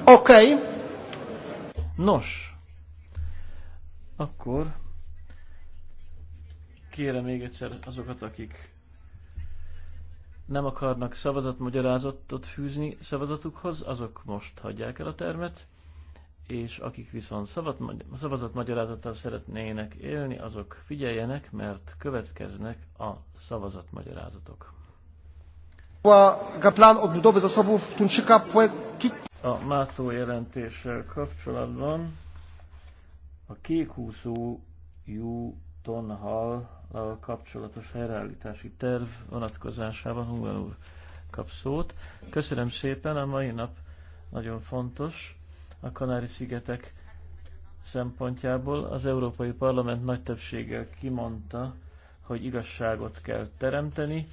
Oké. Okay. Nos, akkor kérem még egyszer azokat, akik nem akarnak szavazatmagyarázatot fűzni szavazatukhoz, azok most hagyják el a termet, és akik viszont szavazatmagyarázattal szeretnének élni, azok figyeljenek, mert következnek a szavazatmagyarázatok. Plan odbudowy zasobów Tuńczyka a MÁTÓ jelentéssel kapcsolatban a kékúszó jú tonnhallal kapcsolatos helyreállítási terv vonatkozásában Huber úr kap szót. Köszönöm szépen, a mai nap nagyon fontos a Kanári-szigetek szempontjából. Az Európai Parlament nagy többséggel kimondta, hogy igazságot kell teremteni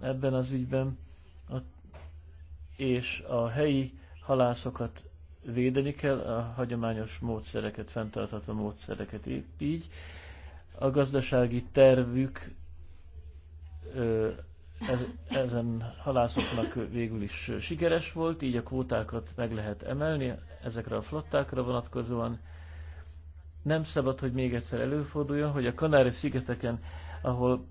ebben az ügyben, és a helyi halászokat védeni kell, a hagyományos módszereket, fenntartható módszereket épp így. A gazdasági tervük ez, ezen halászoknak végül is sikeres volt, így a kvótákat meg lehet emelni ezekre a flottákra vonatkozóan. Nem szabad, hogy még egyszer előforduljon, hogy a Kanári-szigeteken, ahol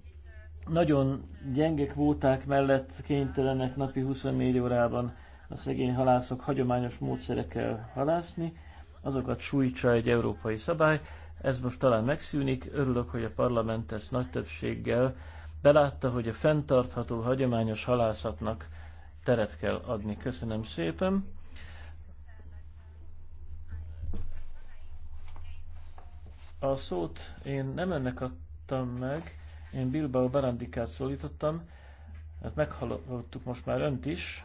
nagyon gyenge kvóták mellett kénytelenek napi 24 órában a szegény halászok hagyományos módszerekkel halászni, azokat sújtsa egy európai szabály. Ez most talán megszűnik, örülök, hogy a parlament ezt nagy többséggel belátta, hogy a fenntartható hagyományos halászatnak teret kell adni. Köszönöm szépen! A szót én nem ennek adtam meg, én Bilbao Barandikát szólítottam, hát meghallottuk most már önt is,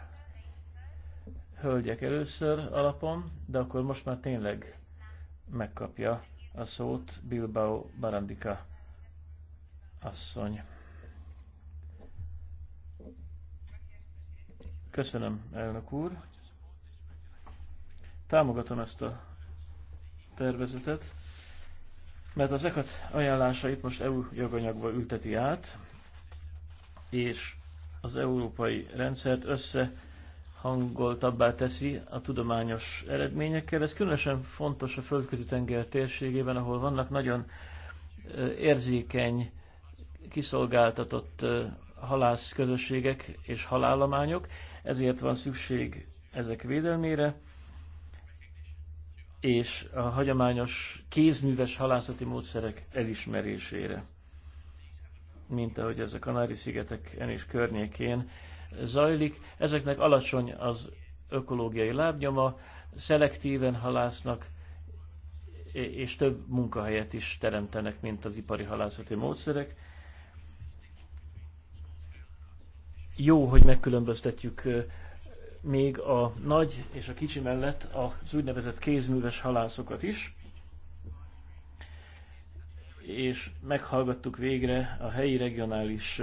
hölgyek először alapon, de akkor most már tényleg megkapja a szót Bilbao Barandika asszony. Köszönöm, elnök úr. Támogatom ezt a tervezetet, mert az ECAT ajánlásait most EU joganyagba ülteti át, és az európai rendszert össze hangoltabbá teszi a tudományos eredményekkel. Ez különösen fontos a földközi tenger térségében, ahol vannak nagyon érzékeny, kiszolgáltatott közösségek és halállományok, ezért van szükség ezek védelmére, és a hagyományos kézműves halászati módszerek elismerésére, mint ahogy ez a Kanári-szigeteken és környékén zajlik, ezeknek alacsony az ökológiai lábnyoma, szelektíven halásznak, és több munkahelyet is teremtenek, mint az ipari halászati módszerek. Jó, hogy megkülönböztetjük még a nagy és a kicsi mellett az úgynevezett kézműves halászokat is, és meghallgattuk végre a helyi regionális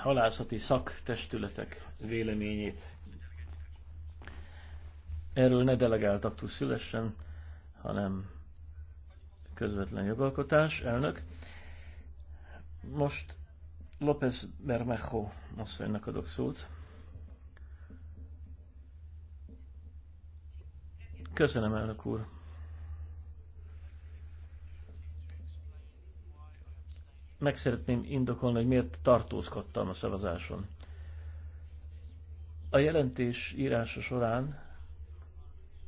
halászati szaktestületek véleményét. Erről ne delegáltak túl szülesen, hanem közvetlen jogalkotás, elnök. Most López Bermejo asszonynak adok szót. Köszönöm, elnök úr. meg szeretném indokolni, hogy miért tartózkodtam a szavazáson. A jelentés írása során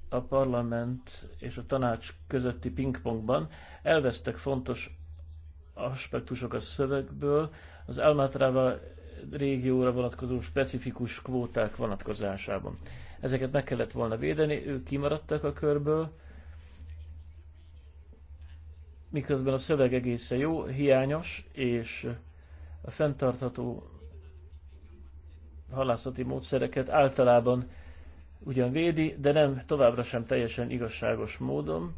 a parlament és a tanács közötti pingpongban elvesztek fontos aspektusok a szövegből, az Almatrava régióra vonatkozó specifikus kvóták vonatkozásában. Ezeket meg kellett volna védeni, ők kimaradtak a körből, miközben a szöveg egészen jó, hiányos, és a fenntartható halászati módszereket általában ugyan védi, de nem továbbra sem teljesen igazságos módon.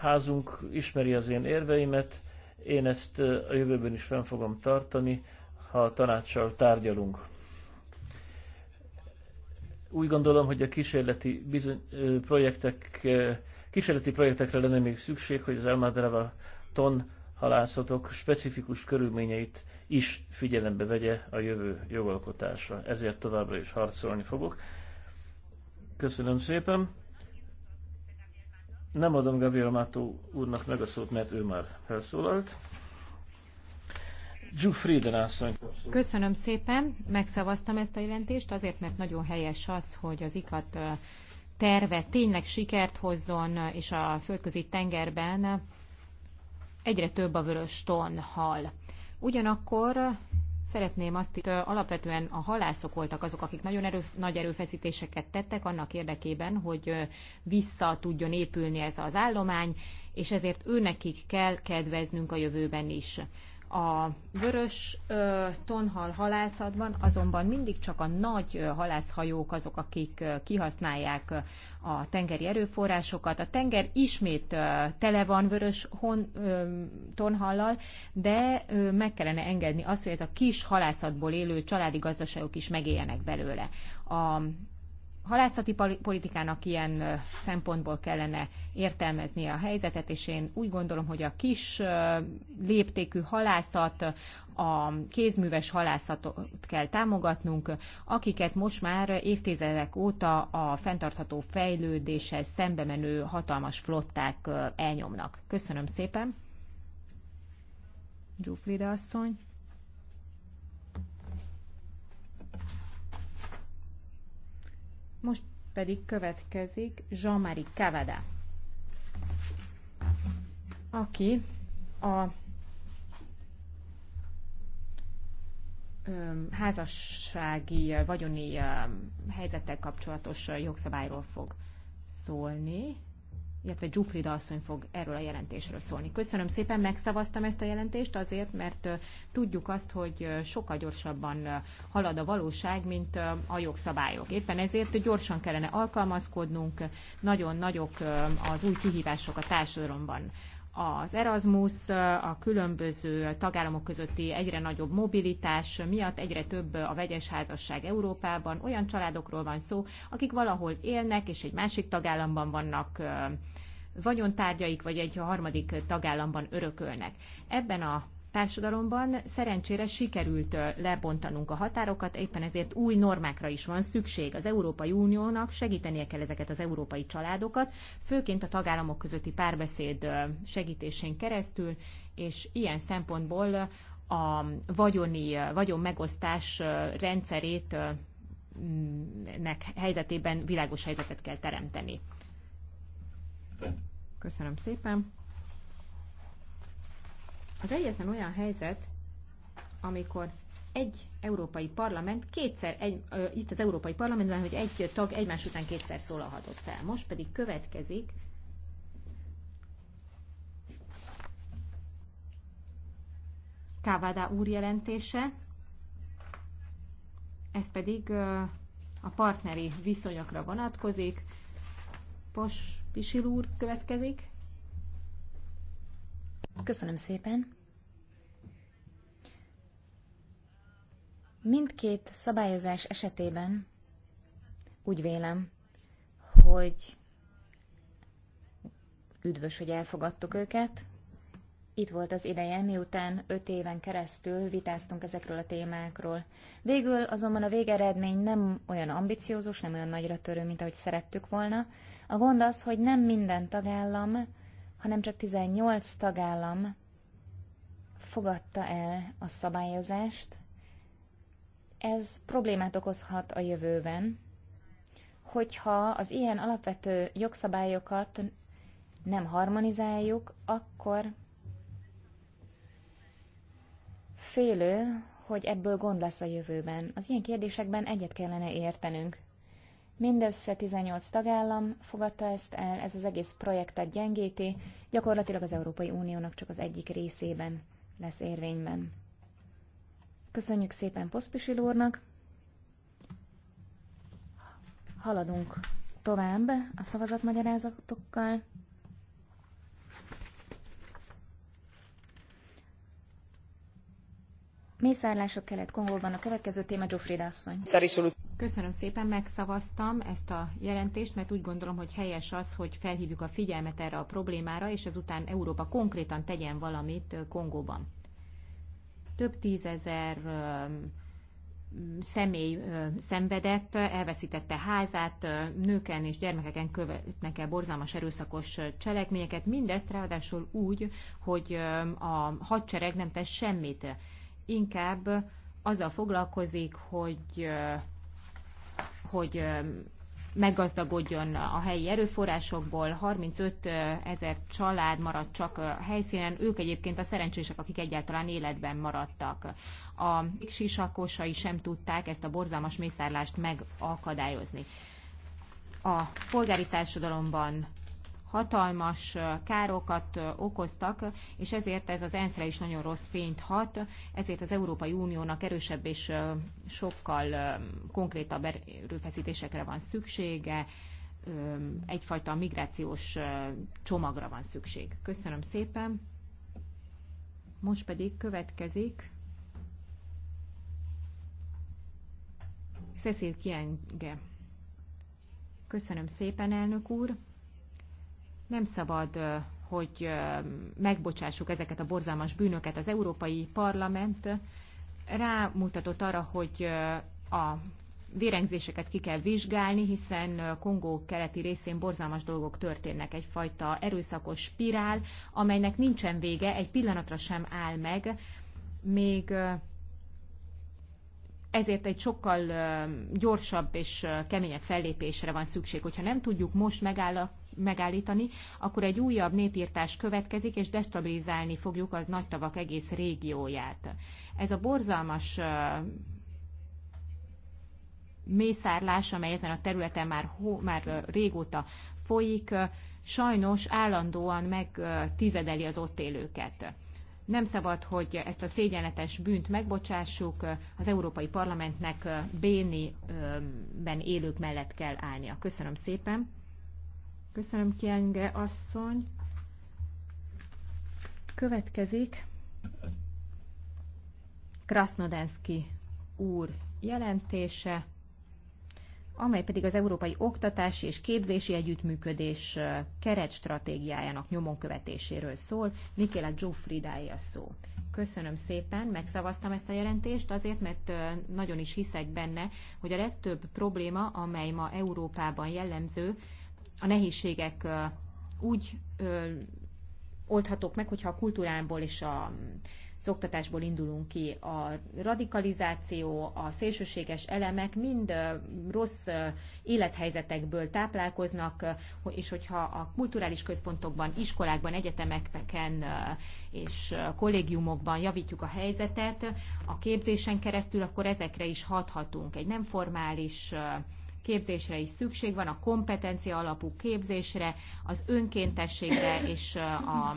Házunk ismeri az én érveimet, én ezt a jövőben is fenn fogom tartani, ha a tanácssal tárgyalunk. Úgy gondolom, hogy a kísérleti bizony, projektek Kísérleti projektekre lenne még szükség, hogy az Elmadreva ton halászatok specifikus körülményeit is figyelembe vegye a jövő jogalkotása. Ezért továbbra is harcolni fogok. Köszönöm szépen. Nem adom Gabriel Mátó úrnak meg a szót, mert ő már felszólalt. Köszönöm szépen, megszavaztam ezt a jelentést, azért, mert nagyon helyes az, hogy az ikat terve tényleg sikert hozzon, és a földközi tengerben egyre több a vörös ton hal. Ugyanakkor szeretném azt hogy alapvetően a halászok voltak azok, akik nagyon erő, nagy erőfeszítéseket tettek annak érdekében, hogy vissza tudjon épülni ez az állomány, és ezért őnekik kell kedveznünk a jövőben is. A vörös tonhal halászatban azonban mindig csak a nagy halászhajók azok, akik kihasználják a tengeri erőforrásokat. A tenger ismét tele van vörös hon, tonhallal, de meg kellene engedni azt, hogy ez a kis halászatból élő családi gazdaságok is megéljenek belőle. A halászati politikának ilyen szempontból kellene értelmeznie a helyzetet, és én úgy gondolom, hogy a kis léptékű halászat, a kézműves halászatot kell támogatnunk, akiket most már évtizedek óta a fenntartható fejlődéssel szembe menő hatalmas flották elnyomnak. Köszönöm szépen! Gyufrida asszony. Most pedig következik Jean-Marie Cavada, aki a házassági vagyoni helyzettel kapcsolatos jogszabályról fog szólni illetve Zsufrida asszony fog erről a jelentésről szólni. Köszönöm szépen, megszavaztam ezt a jelentést azért, mert tudjuk azt, hogy sokkal gyorsabban halad a valóság, mint a jogszabályok. Éppen ezért gyorsan kellene alkalmazkodnunk, nagyon nagyok az új kihívások a társadalomban az Erasmus, a különböző tagállamok közötti egyre nagyobb mobilitás miatt egyre több a vegyes házasság Európában. Olyan családokról van szó, akik valahol élnek, és egy másik tagállamban vannak vagyontárgyaik, vagy egy harmadik tagállamban örökölnek. Ebben a társadalomban szerencsére sikerült lebontanunk a határokat, éppen ezért új normákra is van szükség. Az Európai Uniónak segítenie kell ezeket az európai családokat, főként a tagállamok közötti párbeszéd segítésén keresztül, és ilyen szempontból a vagyoni, vagyon megosztás rendszerét nek helyzetében világos helyzetet kell teremteni. Köszönöm szépen! Az egyetlen olyan helyzet, amikor egy európai parlament kétszer, egy, ö, itt az európai parlamentben, hogy egy tag egymás után kétszer szólalhatott fel. Most pedig következik Kávádá úr jelentése, ez pedig ö, a partneri viszonyokra vonatkozik. Pos Pisil úr következik. Köszönöm szépen. Mindkét szabályozás esetében úgy vélem, hogy üdvös, hogy elfogadtuk őket. Itt volt az ideje, miután öt éven keresztül vitáztunk ezekről a témákról. Végül azonban a végeredmény nem olyan ambiciózus, nem olyan nagyra törő, mint ahogy szerettük volna. A gond az, hogy nem minden tagállam, hanem csak 18 tagállam fogadta el a szabályozást, ez problémát okozhat a jövőben, hogyha az ilyen alapvető jogszabályokat nem harmonizáljuk, akkor félő, hogy ebből gond lesz a jövőben. Az ilyen kérdésekben egyet kellene értenünk. Mindössze 18 tagállam fogadta ezt el, ez az egész projektet gyengíti, gyakorlatilag az Európai Uniónak csak az egyik részében lesz érvényben. Köszönjük szépen Poszpisil úrnak. Haladunk tovább a szavazatmagyarázatokkal. Mészárlások Kelet-Kongóban a következő téma Zsofrida asszony. Köszönöm szépen, megszavaztam ezt a jelentést, mert úgy gondolom, hogy helyes az, hogy felhívjuk a figyelmet erre a problémára, és ezután Európa konkrétan tegyen valamit Kongóban több tízezer személy szenvedett, elveszítette házát, nőken és gyermekeken követnek el borzalmas erőszakos cselekményeket, mindezt ráadásul úgy, hogy a hadsereg nem tesz semmit. Inkább azzal foglalkozik, hogy, hogy meggazdagodjon a helyi erőforrásokból. 35 ezer család maradt csak a helyszínen, ők egyébként a szerencsések, akik egyáltalán életben maradtak. A sisakosai sem tudták ezt a borzalmas mészárlást megakadályozni. A polgári társadalomban hatalmas károkat okoztak, és ezért ez az ENSZ-re is nagyon rossz fényt hat, ezért az Európai Uniónak erősebb és sokkal konkrétabb erőfeszítésekre van szüksége, egyfajta migrációs csomagra van szükség. Köszönöm szépen. Most pedig következik Cecil Kienge. Köszönöm szépen, elnök úr. Nem szabad, hogy megbocsássuk ezeket a borzalmas bűnöket. Az Európai Parlament rámutatott arra, hogy a vérengzéseket ki kell vizsgálni, hiszen Kongó keleti részén borzalmas dolgok történnek, egyfajta erőszakos spirál, amelynek nincsen vége, egy pillanatra sem áll meg, még ezért egy sokkal gyorsabb és keményebb fellépésre van szükség. Hogyha nem tudjuk most megállapítani, megállítani, akkor egy újabb népírtás következik, és destabilizálni fogjuk az nagy tavak egész régióját. Ez a borzalmas mészárlás, amely ezen a területen már, hó, már régóta folyik, sajnos állandóan megtizedeli az ott élőket. Nem szabad, hogy ezt a szégyenletes bűnt megbocsássuk, az Európai Parlamentnek Béniben élők mellett kell állnia. Köszönöm szépen! Köszönöm, Kienge asszony. Következik Krasnodenszki úr jelentése, amely pedig az Európai Oktatási és Képzési Együttműködés keretstratégiájának nyomon követéséről szól. Mikéla Giuffridáé a szó. Köszönöm szépen, megszavaztam ezt a jelentést azért, mert nagyon is hiszek benne, hogy a legtöbb probléma, amely ma Európában jellemző, a nehézségek úgy oldhatók meg, hogyha a kultúrából és a az oktatásból indulunk ki. A radikalizáció, a szélsőséges elemek mind rossz élethelyzetekből táplálkoznak, és hogyha a kulturális központokban, iskolákban, egyetemekben és kollégiumokban javítjuk a helyzetet, a képzésen keresztül, akkor ezekre is hathatunk. Egy nem formális képzésre is szükség van, a kompetencia alapú képzésre, az önkéntességre és a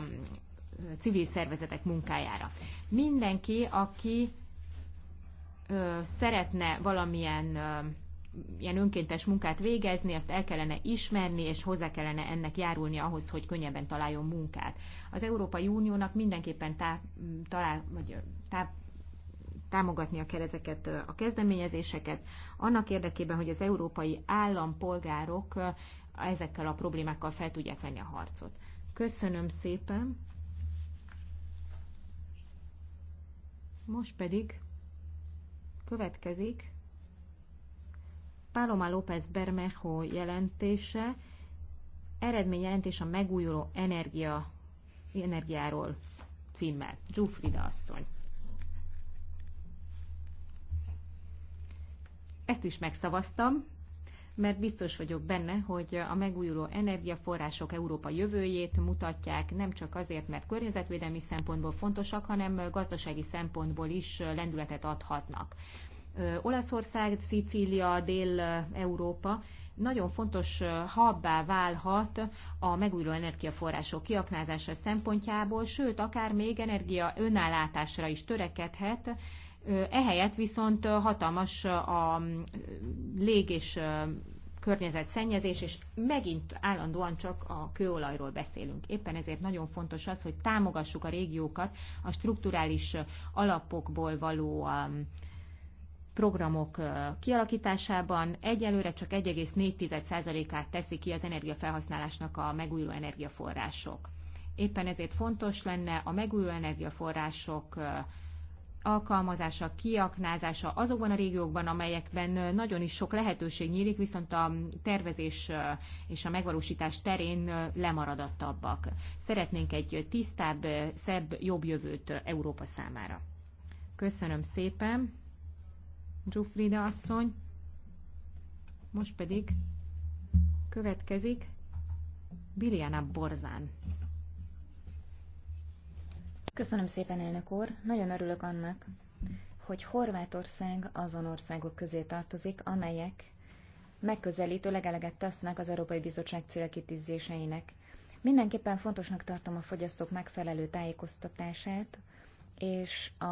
civil szervezetek munkájára. Mindenki, aki ö, szeretne valamilyen ö, ilyen önkéntes munkát végezni, azt el kellene ismerni, és hozzá kellene ennek járulni ahhoz, hogy könnyebben találjon munkát. Az Európai Uniónak mindenképpen tá, talál, vagy, tá, támogatnia kell ezeket a kezdeményezéseket, annak érdekében, hogy az európai állampolgárok ezekkel a problémákkal fel tudják venni a harcot. Köszönöm szépen! Most pedig következik Paloma López Bermejo jelentése, eredményjelentés a megújuló energia, energiáról címmel. Zsufrida asszony. Ezt is megszavaztam, mert biztos vagyok benne, hogy a megújuló energiaforrások Európa jövőjét mutatják, nem csak azért, mert környezetvédelmi szempontból fontosak, hanem gazdasági szempontból is lendületet adhatnak. Olaszország, Szicília, Dél-Európa nagyon fontos habbá válhat a megújuló energiaforrások kiaknázása szempontjából, sőt, akár még energia önállátásra is törekedhet, Ehelyett viszont hatalmas a lég és környezetszennyezés, és megint állandóan csak a kőolajról beszélünk. Éppen ezért nagyon fontos az, hogy támogassuk a régiókat a strukturális alapokból való programok kialakításában. Egyelőre csak 1,4%-át teszi ki az energiafelhasználásnak a megújuló energiaforrások. Éppen ezért fontos lenne a megújuló energiaforrások alkalmazása, kiaknázása azokban a régiókban, amelyekben nagyon is sok lehetőség nyílik, viszont a tervezés és a megvalósítás terén lemaradattabbak. Szeretnénk egy tisztább, szebb, jobb jövőt Európa számára. Köszönöm szépen, Zsufrida asszony. Most pedig következik Biliana Borzán Köszönöm szépen, elnök úr. Nagyon örülök annak, hogy Horvátország azon országok közé tartozik, amelyek megközelítő legeleget tesznek az Európai Bizottság célkitűzéseinek. Mindenképpen fontosnak tartom a fogyasztók megfelelő tájékoztatását és a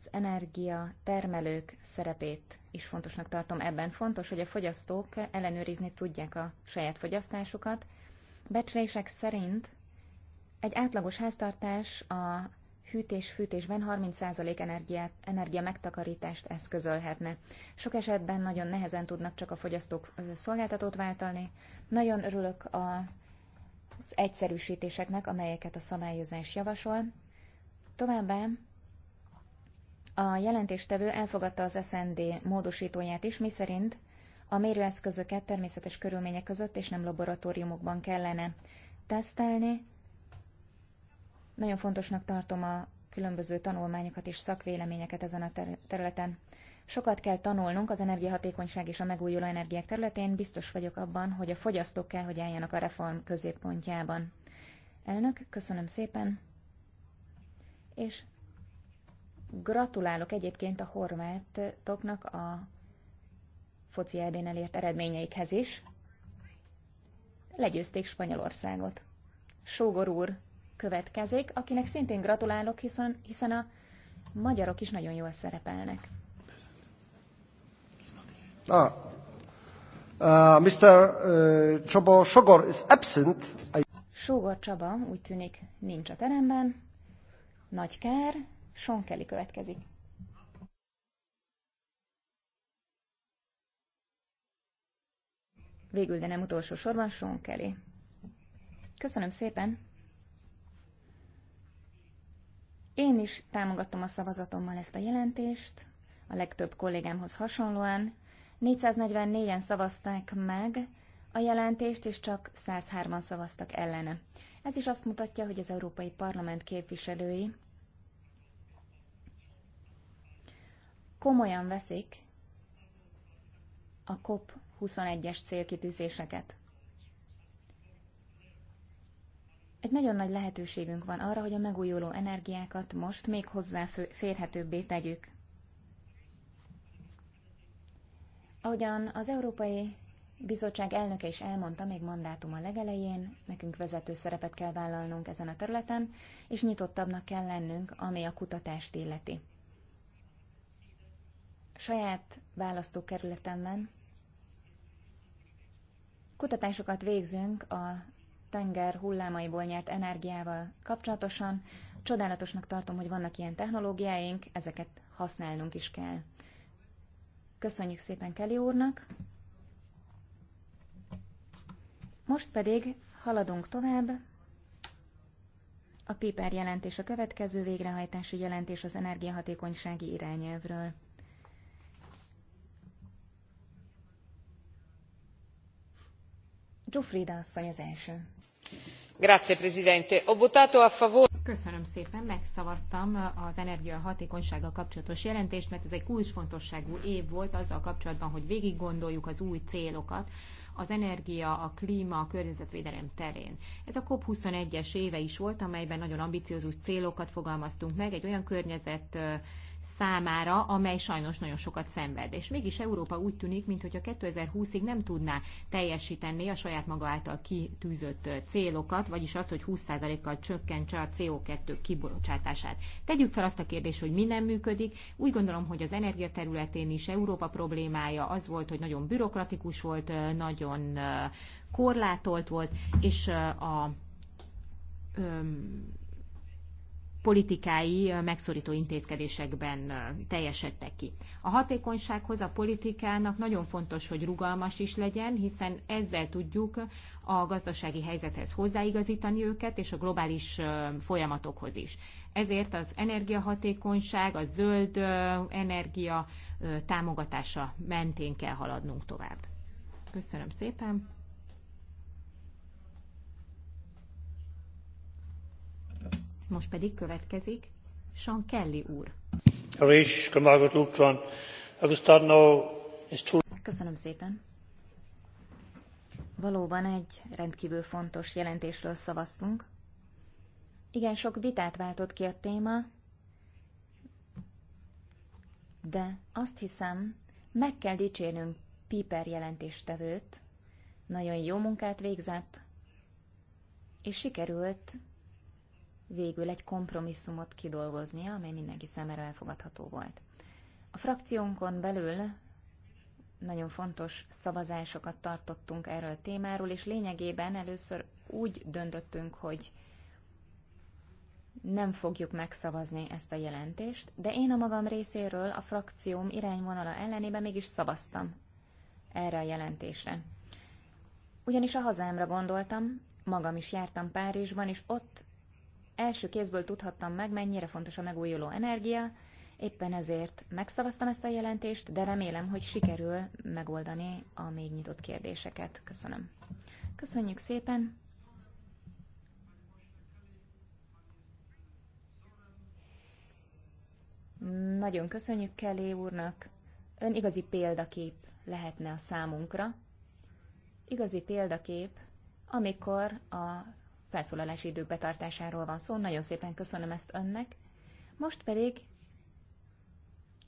az energia termelők szerepét is fontosnak tartom ebben. Fontos, hogy a fogyasztók ellenőrizni tudják a saját fogyasztásukat. Becslések szerint egy átlagos háztartás a hűtés-fűtésben 30% energiát, energia megtakarítást eszközölhetne. Sok esetben nagyon nehezen tudnak csak a fogyasztók szolgáltatót váltani. Nagyon örülök a, az egyszerűsítéseknek, amelyeket a szabályozás javasol. Továbbá a jelentéstevő elfogadta az SND módosítóját is, miszerint a mérőeszközöket természetes körülmények között és nem laboratóriumokban kellene tesztelni, nagyon fontosnak tartom a különböző tanulmányokat és szakvéleményeket ezen a területen. Sokat kell tanulnunk az energiahatékonyság és a megújuló energiák területén, biztos vagyok abban, hogy a fogyasztók kell, hogy álljanak a reform középpontjában. Elnök, köszönöm szépen, és gratulálok egyébként a horvátoknak a foci elbén elért eredményeikhez is. Legyőzték Spanyolországot. Sógor úr, következik, akinek szintén gratulálok, hiszen, hiszen a magyarok is nagyon jól szerepelnek. Ah. Uh, Mr. Uh, Csaba Sogor is absent. I... Sogor Csaba úgy tűnik nincs a teremben. Nagy kár. Sean Kelly következik. Végül, de nem utolsó sorban, Sean Kelly. Köszönöm szépen! Én is támogattam a szavazatommal ezt a jelentést, a legtöbb kollégámhoz hasonlóan. 444-en szavazták meg a jelentést, és csak 103-an szavaztak ellene. Ez is azt mutatja, hogy az Európai Parlament képviselői komolyan veszik a COP 21-es célkitűzéseket. egy nagyon nagy lehetőségünk van arra, hogy a megújuló energiákat most még hozzáférhetőbbé tegyük. Ahogyan az Európai Bizottság elnöke is elmondta még mandátuma legelején, nekünk vezető szerepet kell vállalnunk ezen a területen, és nyitottabbnak kell lennünk, ami a kutatást illeti. Saját választókerületemben kutatásokat végzünk a tenger hullámaiból nyert energiával kapcsolatosan. Csodálatosnak tartom, hogy vannak ilyen technológiáink, ezeket használnunk is kell. Köszönjük szépen Kelly úrnak! Most pedig haladunk tovább. A PIPER jelentés a következő végrehajtási jelentés az energiahatékonysági irányelvről. Zsufrida asszony az első a Köszönöm szépen, megszavaztam az energiahatékonysággal kapcsolatos jelentést, mert ez egy kulcsfontosságú év volt azzal kapcsolatban, hogy végiggondoljuk az új célokat az energia, a klíma, a környezetvédelem terén. Ez a COP21-es éve is volt, amelyben nagyon ambiciózus célokat fogalmaztunk meg, egy olyan környezet számára, amely sajnos nagyon sokat szenved. És mégis Európa úgy tűnik, mintha 2020-ig nem tudná teljesíteni a saját maga által kitűzött célokat, vagyis azt, hogy 20%-kal csökkentse a CO2 kibocsátását. Tegyük fel azt a kérdést, hogy mi nem működik. Úgy gondolom, hogy az energia területén is Európa problémája az volt, hogy nagyon bürokratikus volt, nagyon korlátolt volt, és a politikái megszorító intézkedésekben teljesedtek ki. A hatékonysághoz a politikának nagyon fontos, hogy rugalmas is legyen, hiszen ezzel tudjuk a gazdasági helyzethez hozzáigazítani őket, és a globális folyamatokhoz is. Ezért az energiahatékonyság, a zöld energia támogatása mentén kell haladnunk tovább. Köszönöm szépen! Most pedig következik Sean Kelly úr. Köszönöm szépen. Valóban egy rendkívül fontos jelentésről szavaztunk. Igen, sok vitát váltott ki a téma, de azt hiszem, meg kell dicsérnünk Piper jelentéstevőt. Nagyon jó munkát végzett, és sikerült végül egy kompromisszumot kidolgoznia, amely mindenki számára elfogadható volt. A frakciónkon belül nagyon fontos szavazásokat tartottunk erről a témáról, és lényegében először úgy döntöttünk, hogy nem fogjuk megszavazni ezt a jelentést, de én a magam részéről a frakcióm irányvonala ellenében mégis szavaztam erre a jelentésre. Ugyanis a hazámra gondoltam, magam is jártam Párizsban, és ott első kézből tudhattam meg, mennyire fontos a megújuló energia, éppen ezért megszavaztam ezt a jelentést, de remélem, hogy sikerül megoldani a még nyitott kérdéseket. Köszönöm. Köszönjük szépen! Nagyon köszönjük Kelly úrnak. Ön igazi példakép lehetne a számunkra. Igazi példakép, amikor a felszólalási idők betartásáról van szó. Nagyon szépen köszönöm ezt önnek. Most pedig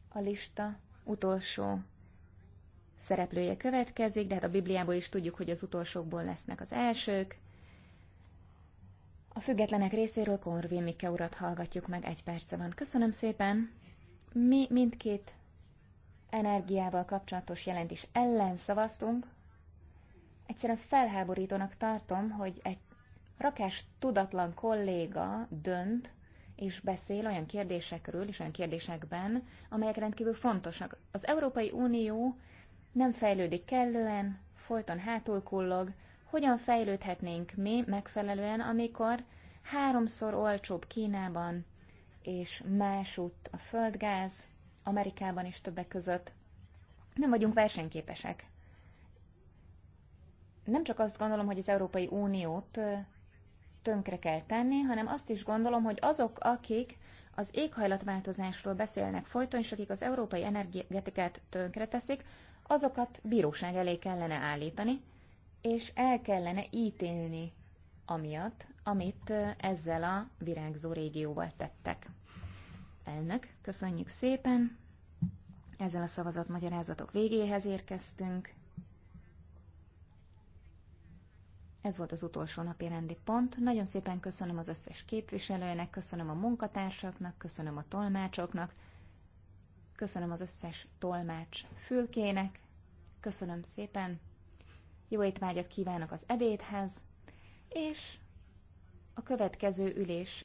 a lista utolsó szereplője következik, de hát a Bibliából is tudjuk, hogy az utolsókból lesznek az elsők. A függetlenek részéről Korvin Mikke urat hallgatjuk meg, egy perce van. Köszönöm szépen! Mi mindkét energiával kapcsolatos jelentés ellen szavaztunk. Egyszerűen felháborítónak tartom, hogy egy rakás tudatlan kolléga dönt és beszél olyan kérdésekről és olyan kérdésekben, amelyek rendkívül fontosak. Az Európai Unió nem fejlődik kellően, folyton hátul kullog, hogyan fejlődhetnénk mi megfelelően, amikor háromszor olcsóbb Kínában és másutt a földgáz, Amerikában is többek között. Nem vagyunk versenyképesek. Nem csak azt gondolom, hogy az Európai Uniót tönkre kell tenni, hanem azt is gondolom, hogy azok, akik az éghajlatváltozásról beszélnek folyton, és akik az európai energetikát teszik, azokat bíróság elé kellene állítani, és el kellene ítélni amiatt, amit ezzel a virágzó régióval tettek. Elnök, köszönjük szépen! Ezzel a szavazatmagyarázatok végéhez érkeztünk. Ez volt az utolsó napi rendi pont. Nagyon szépen köszönöm az összes képviselőnek, köszönöm a munkatársaknak, köszönöm a tolmácsoknak, köszönöm az összes tolmács fülkének, köszönöm szépen, jó étvágyat kívánok az ebédhez, és a következő ülés